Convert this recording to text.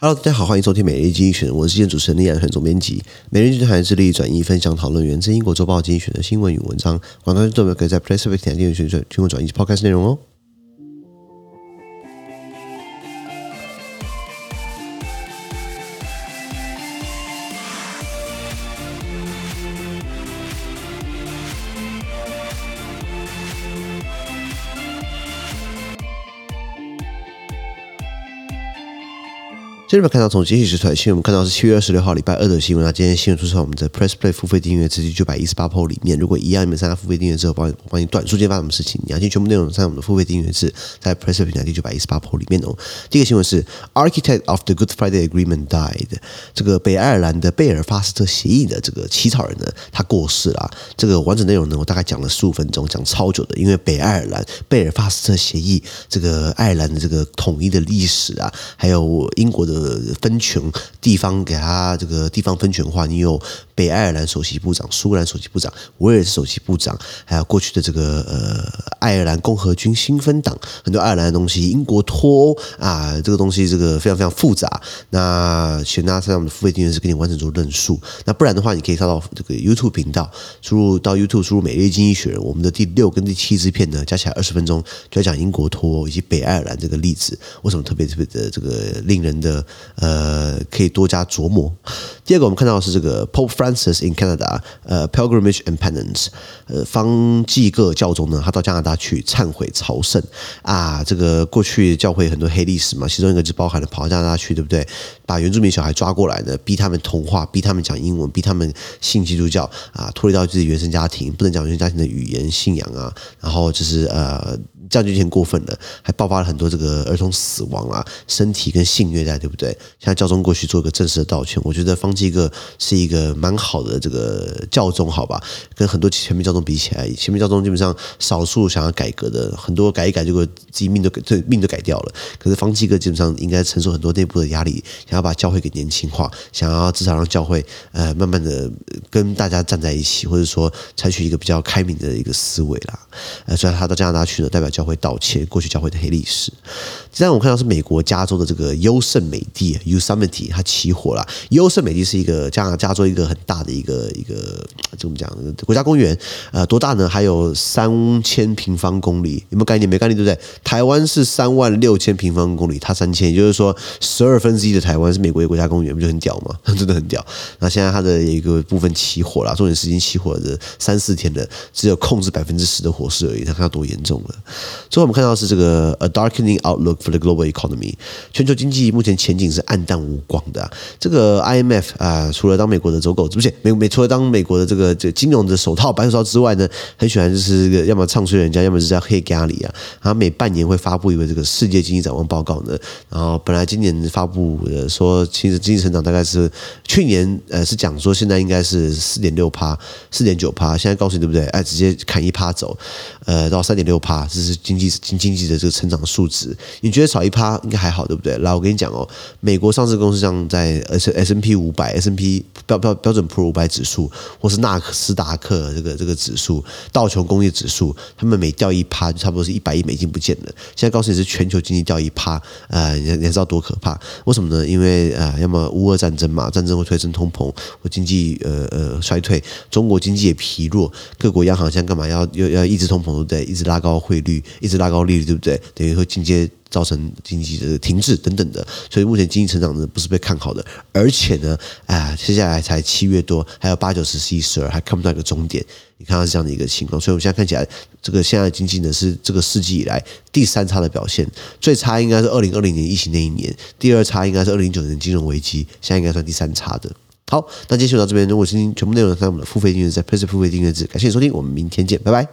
Hello，大家好，歡迎收聽《每日一經濟學人》，我是今天主持人李彥，總編輯。《每日一經濟學人》致力轉移分享討論源自英國《周報》精選的新聞與文章，廣大聽眾可以在 PressPlay、i 備、e 台訂閱群選群供轉移及 Podcast 內容哦。這邊看到從今日時傳訊，我們看到是七月二十六號禮拜二的新聞啊。那今天新聞出現我們的 Press Play 付費訂閱，直接九百一十八塊裡面。如果一樣，你們參加付費訂閱之後，我幫你，我幫你短時間發生什麼事情？你要聽全部內容在我們的付費訂閱是在 Press Play 第九百一十八塊裡面哦。第一個新聞是 Architect of the Good Friday Agreement died。這個北愛爾蘭的貝爾法斯特協議的這個起草人呢，他過世了。這個完整內容呢，我大概講了十五分鐘，講超久的，因為北愛爾蘭貝爾法斯特協議，這個愛爾蘭的這個統一的歷史啊，還有英國的。呃，分權地方給他這個地方分權化，你有？北愛爾蘭首席部長、蘇格蘭首席部長、威爾士首席部長，還有過去的這個呃愛爾蘭共和軍新芬黨，很多愛爾蘭的東西，英國脫歐啊，這個東西這個非常非常複雜。那請大家上我們的付費訂閱，是給你完整做論述。那不然的話，你可以上到這個 YouTube 頻道，輸入到 YouTube 輸入每日一經濟學人，我們的第六跟第七支片呢，加起來二十分鐘，就要講英國脫歐以及北愛爾蘭這個例子，為什麼特別特別的這個令人的呃可以多加琢磨。第二個，我們看到是這個 Pope Francis in Canada，呃，pilgrimage and penance，呃，方濟各教宗呢，他到加拿大去懺悔朝聖啊。這個過去教會很多黑歷史嘛，其中一個就包含了跑到加拿大去，對不對？把原住民小孩抓過來的，逼他們同化，逼他們講英文，逼他們信基督教啊，脫離到自己原生家庭，不能講原生家庭的語言信仰啊。然後就是呃。這樣就有點過分了，還爆發了很多這個兒童死亡啊，身體跟性虐待，對不對？現在教宗過去做一個正式的道歉，我覺得方濟各是一個蠻好的這個教宗，好吧？跟很多前面教宗比起來，前面教宗基本上少數想要改革的，很多改一改，就會自己命都對命都改掉了。可是方濟各基本上應該承受很多內部的壓力，想要把教會給年輕化，想要至少讓教會呃慢慢的跟大家站在一起，或者說採取一個比較開明的一個思維啦。呃，雖然他到加拿大去了，代表。教會道歉，過去教會的黑歷史。現在我看到是美國加州的這個優勝美地（ u s s e m i t 它起火了。優勝美地是一個加拿加州一個很大的一個一個怎麼講國家公園？呃，多大呢？還有三千平方公里，有沒有概念？沒概念對不對？台灣是三萬六千平方公里，它三千，也就是說十二分之一的台灣是美國的國家公園，不就很屌嗎？呵呵，真的很屌。那現在它的一個部分起火了，重點是已經起火了三四天了，只有控制百分之十的火勢而已，它看到多嚴重了。最後我們看到的是這個 a darkening outlook for the global economy，全球經濟目前前景是黯淡無光的，啊。這個 IMF 啊，除了當美國的走狗，不是美美除了當美國的這個這金融的手套白手套之外呢，很喜歡就是、這個、要麼唱衰人家，要麼就是在黑咖喱啊。然、啊、後每半年會發布一個這個世界經濟展望報告呢。然後本來今年發布的說，其實經濟成長大概是去年呃是講說現在應該是四點六趴四點九趴，現在告訴你對不對？哎，直接砍一趴走，呃，到三點六趴這是。經濟經經濟的這個成長數值，你覺得少一趴應該還好，對不對？然後我跟你講哦，美國上市公司像在 S S N P 五百，S N P 標標標準普爾五百指數，或是納斯達克這個這個指數、道瓊工業指數，他們每掉一趴，就差不多是一百億美金不見了。現在告訴你是全球經濟掉一趴，呃，你你你知道多可怕？為什麼呢？因為呃，要麼烏俄戰爭嘛，戰爭會推升通膨或經濟呃呃衰退，中國經濟也疲弱，各國央行現在幹嘛要要要一直通膨，對，一直拉高匯率。一直拉高利率，對不對？等於會間接造成經濟的停滯等等的，所以目前經濟成長呢不是被看好的，而且呢，啊、哎，接下來才七月多，還有八九十、十一十二，還看不到一個終點。你看到是這樣的一個情況，所以我們現在看起來，這個現在的經濟呢是這個世紀以來第三差的表現，最差應該是二零二零年疫情那一年，第二差應該是二零一九年金融危機，現在應該算第三差的。好，那接下來就到這邊，如果今天全部內容，上我們的付費訂閱站 PressPlay 付費訂閱制，感謝你收聽，我們明天見，拜拜。